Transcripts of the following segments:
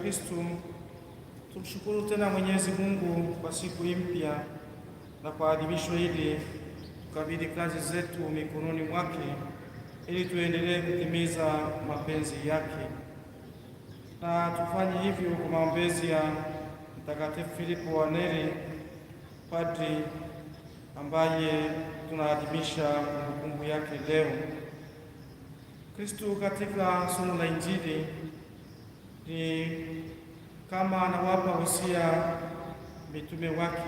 Kristu, tumshukuru tena Mwenyezi Mungu kwa siku hii mpya na kwa adhimisho hili, tukabidhi kazi zetu mikononi mwake ili tuendelee kutimiza mapenzi yake, na tufanye hivyo kwa maombezi ya Mtakatifu Filipo wa Neri, padri ambaye tunaadhimisha kumbukumbu yake leo. Kristu katika somo la Injili ni kama anawapa usia mitume wake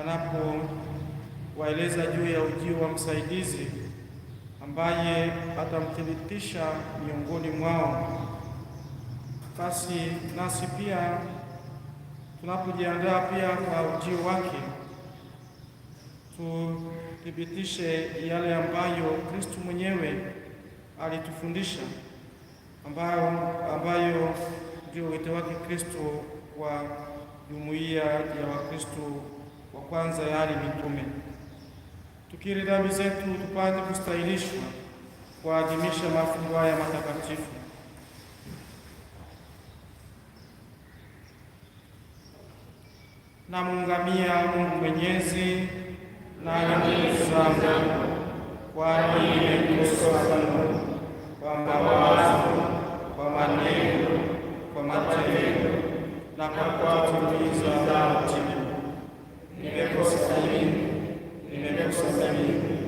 anapowaeleza juu ya ujio wa msaidizi ambaye atamthibitisha miongoni mwao. Basi nasi pia tunapojiandaa pia kwa ujio wake tuthibitishe yale ambayo Kristu mwenyewe alitufundisha ambayo, ambayo ndio wito wake Kristo kwa jumuiya ya Wakristo wa kwanza, yaani mitume. Tukiri dhambi zetu tupate kustahilishwa kuadhimisha mafungo haya matakatifu. na muungamia Mungu Mwenyezi na nanguuzama kwani imekuswa kwamba wazo maneno, kwa matendo na kwa kuwatumiza taratibu. Nimekosa mimi, nimekosa mimi,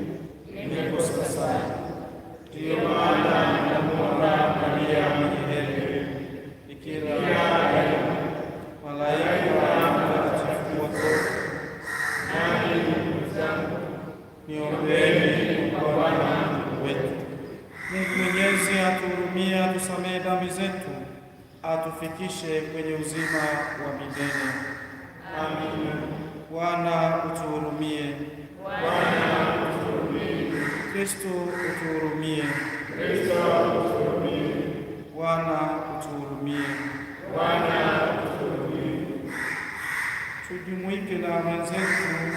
nimekosa sana. Ndiyo maana namuomba Maria mwenye heri tuwafikishe kwenye uzima wa milele. Amina. Bwana utuhurumie. Bwana utuhurumie. Kristo utuhurumie. Kristo utuhurumie. Bwana utuhurumie. Bwana utuhurumie. Tujumuike na mwenzetu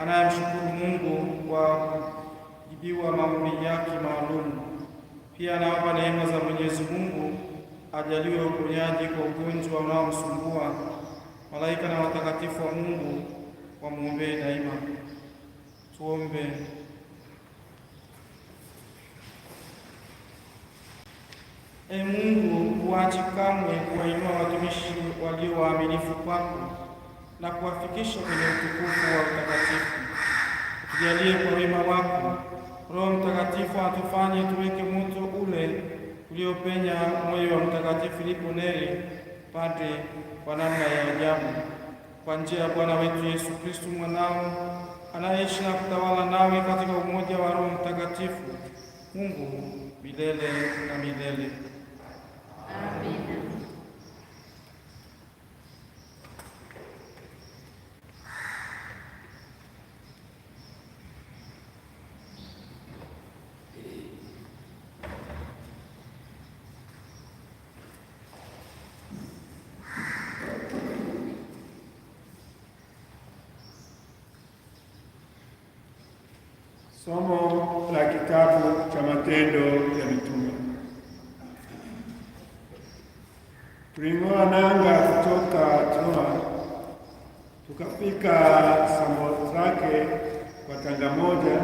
anayemshukuru Mungu kwa kujibiwa maombi yake maalum. Pia naomba neema za Mwenyezi Mungu ajaliwe uponyaji kwa ugonjwa unaomsumbua. Malaika na watakatifu wa Mungu wamwombee daima. Tuombe. E Mungu, uachi kamwe kuwainua watumishi walio waaminifu kwako na kuwafikisha kwenye utukufu wa utakatifu. Tujalie kwa wema wako Roho Mtakatifu atufanye tuweke moto ule uliopenya moyo wa Mtakatifu Filipo Neri, padre kwa namna ya ajabu, kwa njia ya Bwana wetu Yesu Kristu mwanao anaishi na kutawala nawe katika umoja wa Roho Mtakatifu, Mungu milele na milele. Amina. Somo la kitabu cha Matendo ya Mitume. Tuling'oa nanga kutoka Troa tukafika zake kwa tanga moja,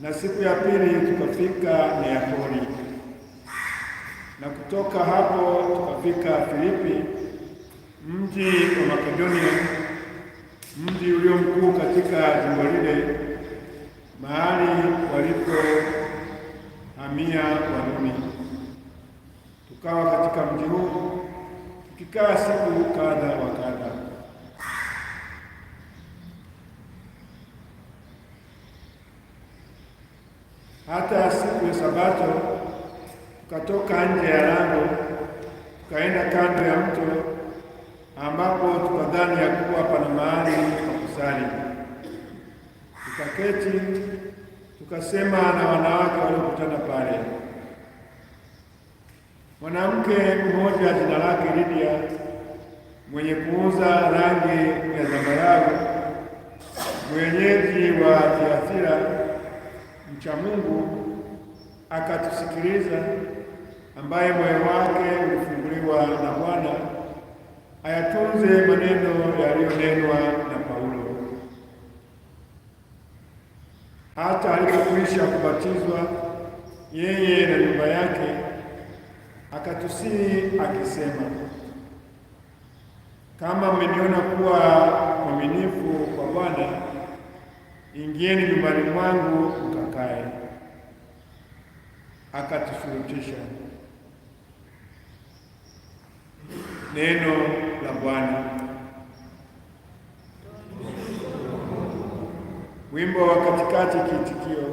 na siku ya pili tukafika Neapoli, na kutoka hapo tukafika Filipi, mji wa Makedonia, mji ulio mkuu katika jimbo lile mahali walipohamia Warumi. Tukawa katika mji huu tukikaa siku kadha wa kadha. Hata siku ya Sabato tukatoka nje ya lango tukaenda kando ya mto, ambapo tukadhani ya kuwa pana mahali pa kusali, tukaketi tukasema na wanawake waliokutana pale, mwanamke mmoja jina lake lidia mwenye kuuza rangi ya zambarau, mwenyeji wa Thiatira, mcha Mungu, akatusikiliza, ambaye moyo wake ulifunguliwa na Bwana ayatunze maneno yaliyonenwa hata alipokwisha kubatizwa yeye na nyumba yake, akatusihi akisema, kama mmeniona kuwa mwaminifu kwa Bwana, ingieni nyumbani mwangu mkakae. Akatushurutisha. Neno la Bwana. Wimbo wa katikati, kiitikio: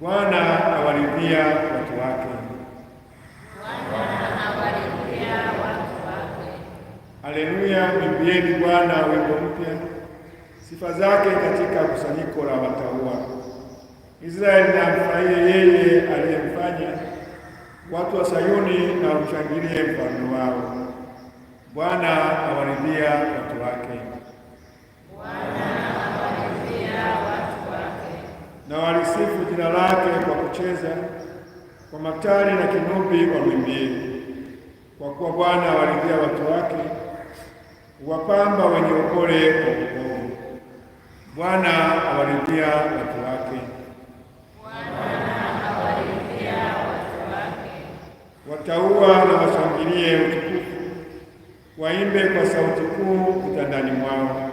Bwana awaridhia watu wake. Haleluya, mwimbieni Bwana wimbo mpya, sifa zake katika kusanyiko la wataua Israeli na mfurahie yeye aliyemfanya, watu wa Sayuni na umshangilie mfalme wao. Bwana awaridhia watu wake. na walisifu jina lake kwa kucheza kwa matari na kinubi wamwimbie. Kwa kuwa Bwana awaridhia watu wake, wapamba wenye upole kwa ukovu. Bwana awaridhia watu wake, wataua na washangilie utukufu, waimbe kwa sauti kuu vitandani mwao.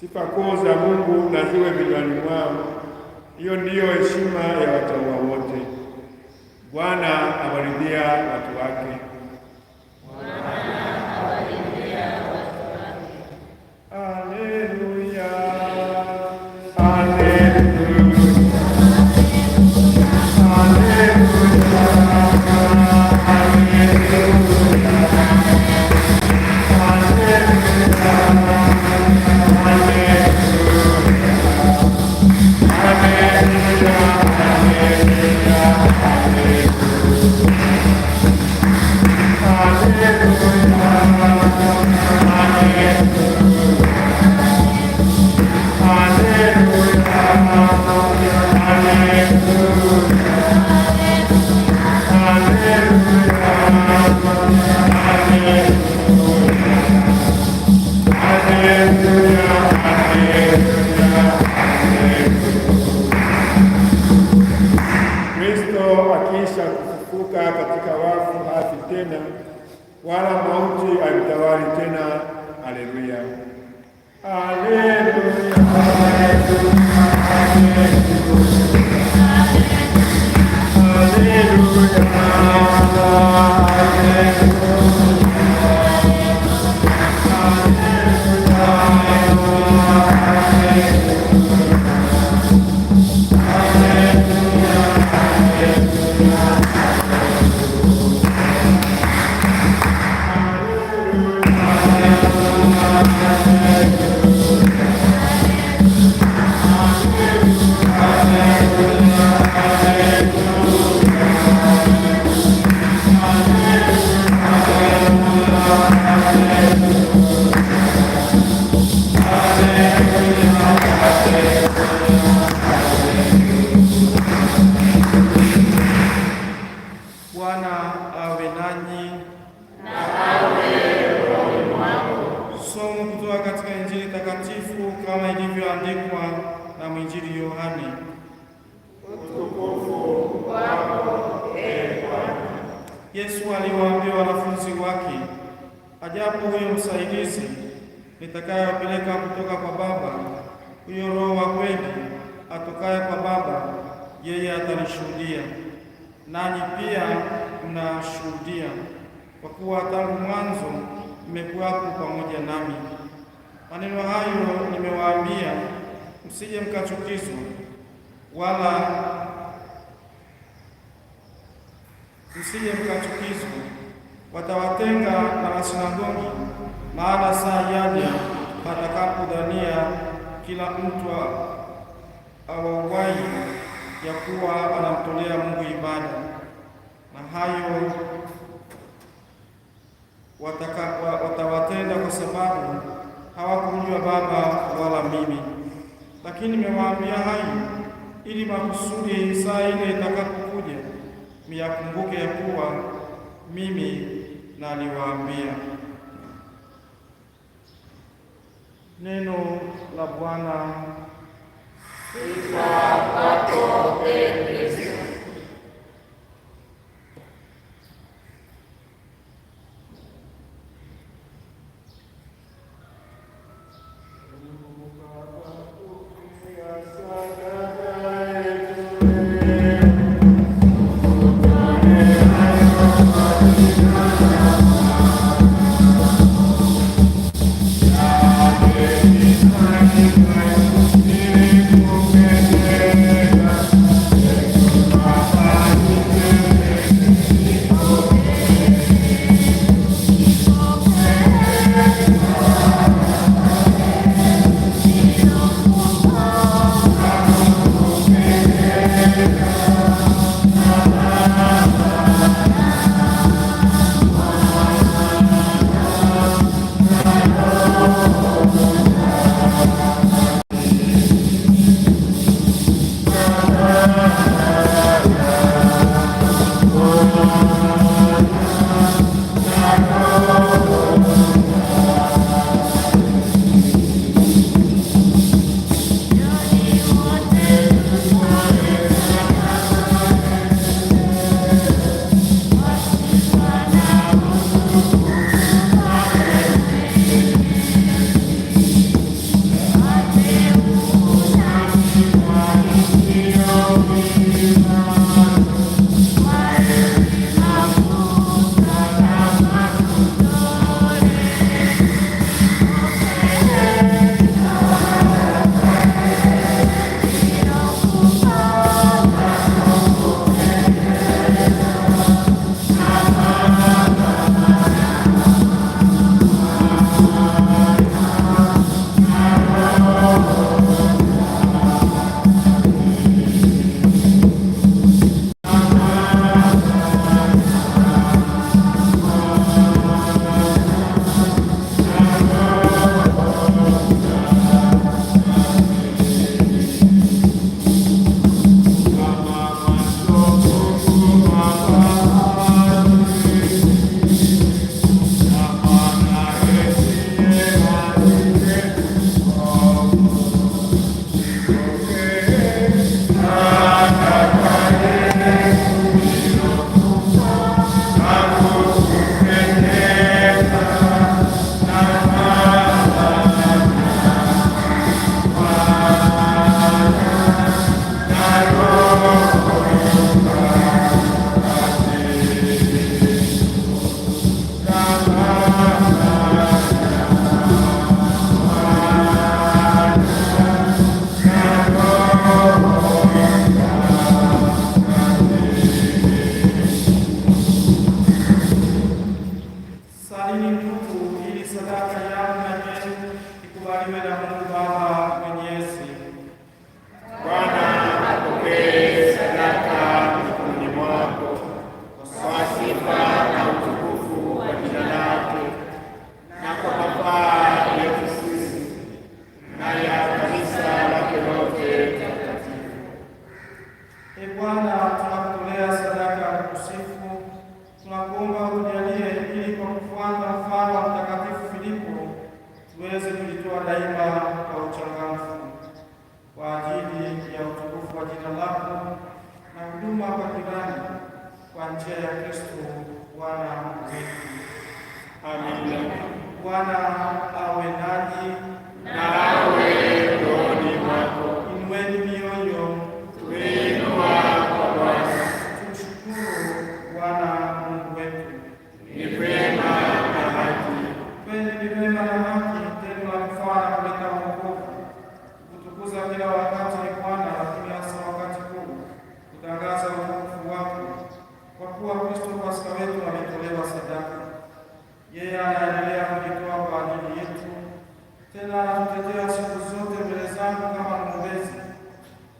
Sifa kuu za Mungu na ziwe vinywani mwao hiyo ndiyo heshima ya watauwa wote. Bwana awaridhia watu wake. wa kweli atokaye kwa Baba, yeye atanishuhudia, nanyi pia mnashuhudia, kwa kuwa tangu mwanzo mmekuwapo pamoja nami. Maneno hayo nimewaambia, msije mkachukizwa, wala msije mkachukizwa. Watawatenga na masinagogi, maana saa yaja watakapodhania kila mtu awawai ya kuwa anamtolea Mungu ibada, na hayo wataka, watawatenda kwa sababu hawakumjua Baba wala mimi. Lakini nimewaambia hayo ili makusudi saa ile itakapokuja miyakumbuke ya kuwa mimi naliwaambia. Neno la Bwana. Sifa kwako pekee.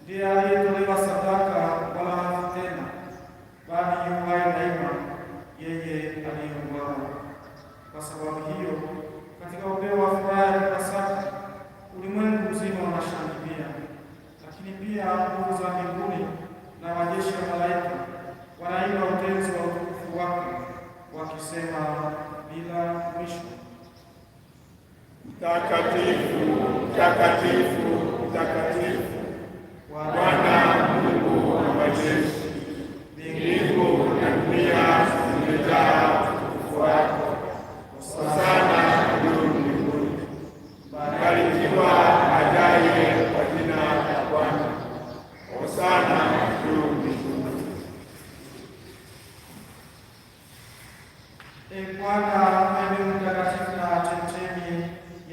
礼ありがとうございます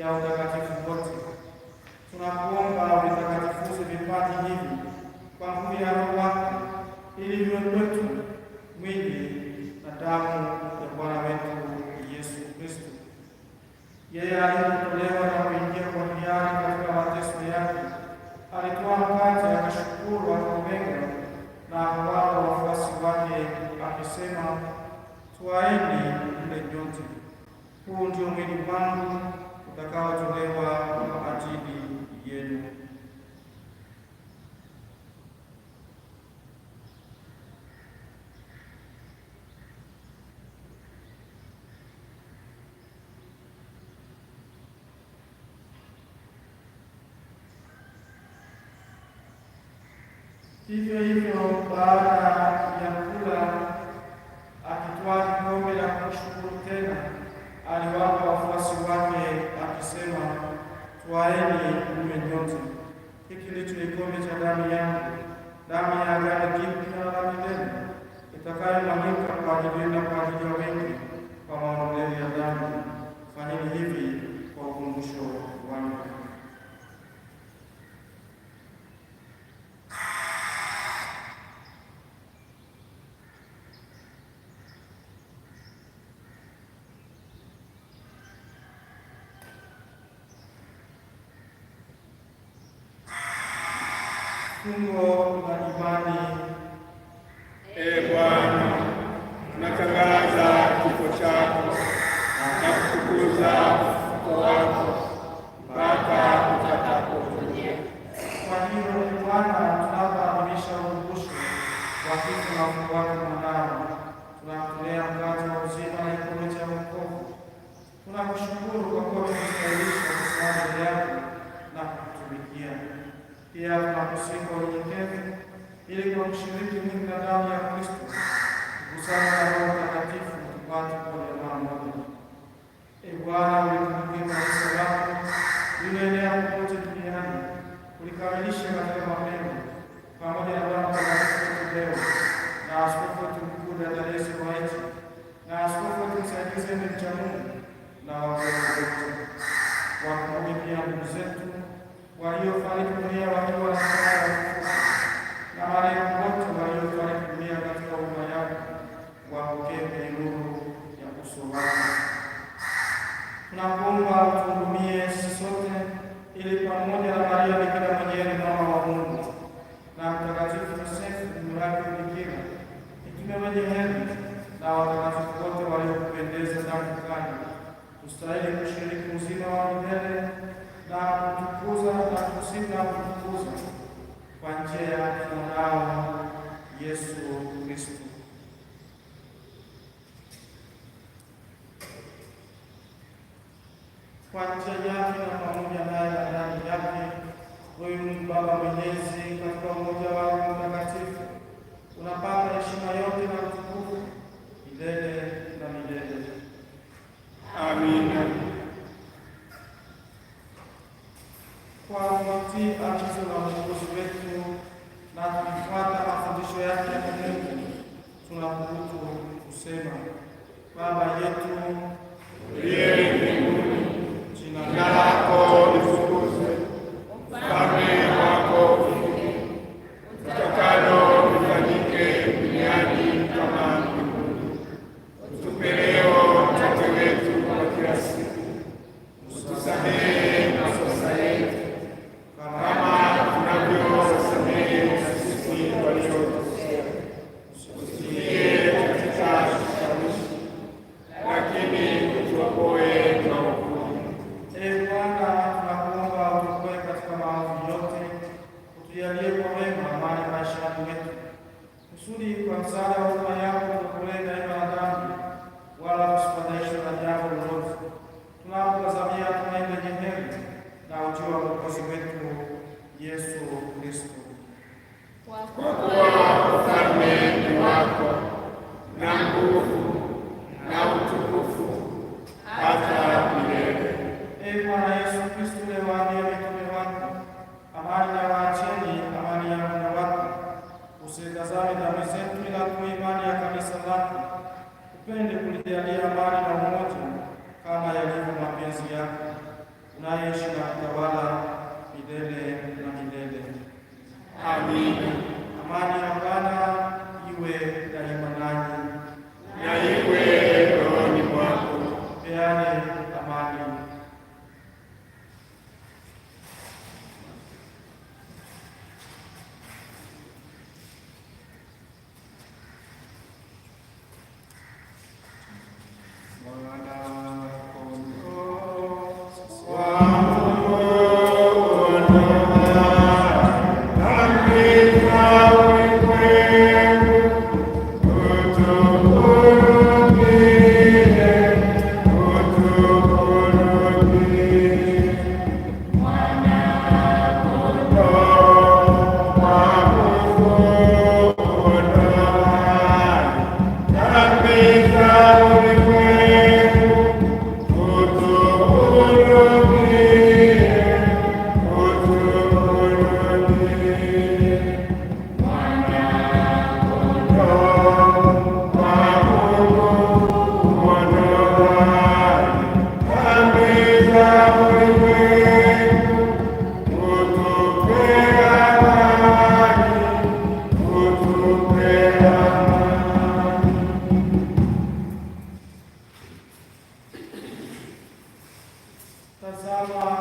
Ja, und da gab kikombe cha damu yangu, damu ya agano jipya la milele, itakayomwagika kwa ajili yenu kwa ajili ya wengi kwa maondoleo ya dhambi. Fanyeni hivi kwa ukumbusho wangu. fungo la imani. E Bwana, tunatangaza kifo chako na kutukuza ufufuko wako mpaka utakaporejea. Kwa hiyo Bwana, tunapoadhimisha ukumbusho wa kifo na ufufuko wako mwanao, tunatolea mkate wa uzima na kikombe cha wokovu. Tunakushukuru kwa kuwa tumestahilishwa kusimama mbele yako pia tunakusika unyenyekevu ili kwa kushiriki mwili na damu ya Kristo kukusana na Roho Mtakatifu tupate kuwa jamaa moja. E Bwana, ulitumikia kanisa lako lililoenea popote duniani, ulikamilisha katika mapendo pamoja na Baba Mtakatifu Tadeo na askofu wetu mkuu Damaris Ruwa'ichi na askofu wetu msaidizi Henry na wakozi wetu, wakumbuke pia ndugu zetu waliofariki dunia wakiwa na na marehemu wote waliofariki dunia katika umma yako waokee nuru ya uso wako. Tunakuomba utuhurumie Baba yetu casava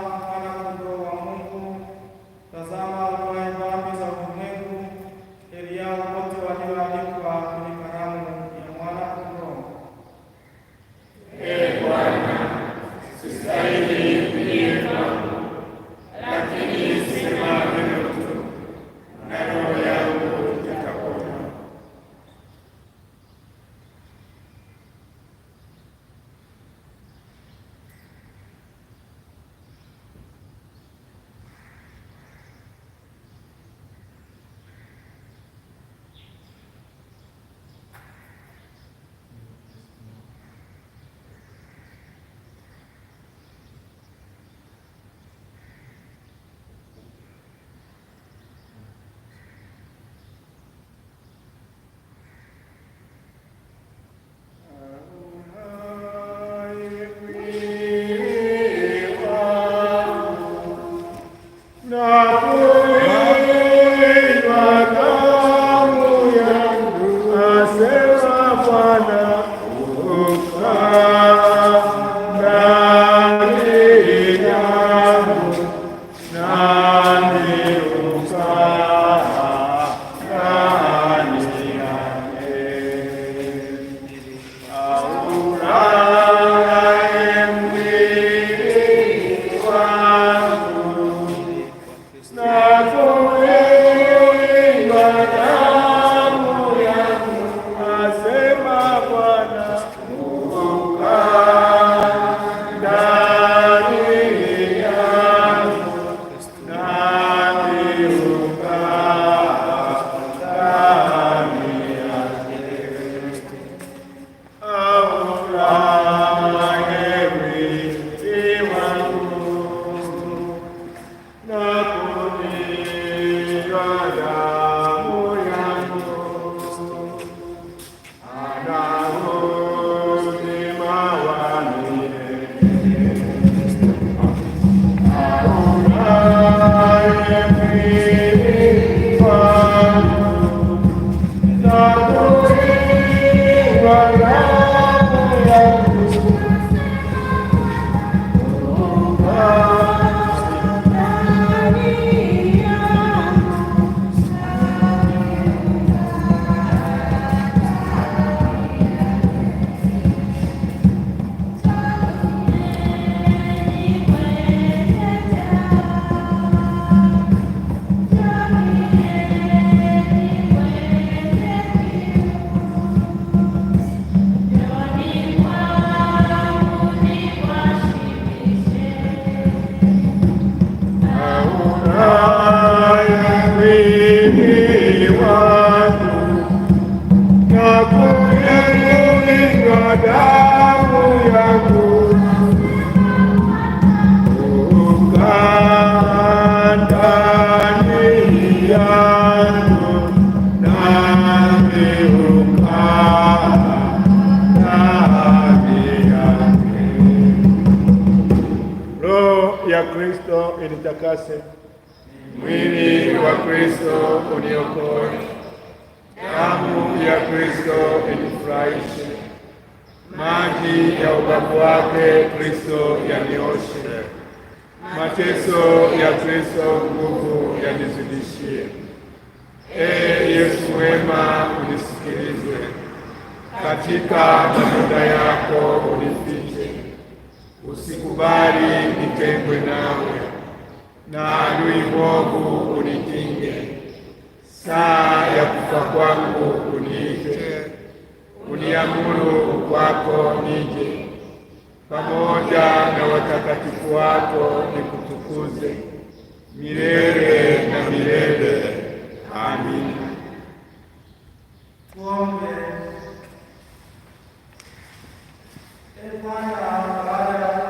ya Kristo inifurahishe, maji ya ubavu wake Kristo yanioshe, mateso ya Kristo nguvu yanizidishie. Ee Yesu wema, unisikilize, katika mafuta yako unifiche, usikubali nitengwe nawe, na adui mwovu unikinge saa ya kufa kwangu uniite, uniamuru kwako nije, pamoja na watakatifu wako nikutukuze milele na milele. Amina. Tuombe. Ee Bwana, baada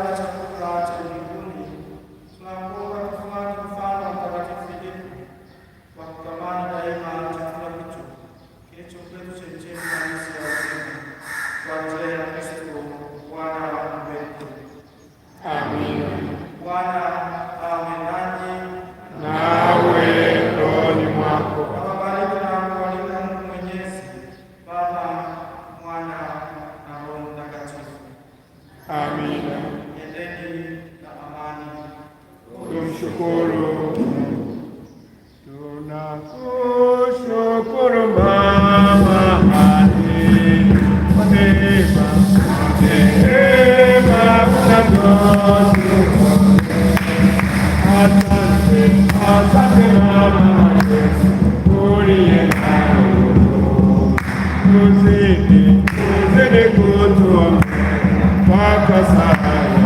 Amen.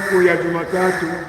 siku ya Jumatatu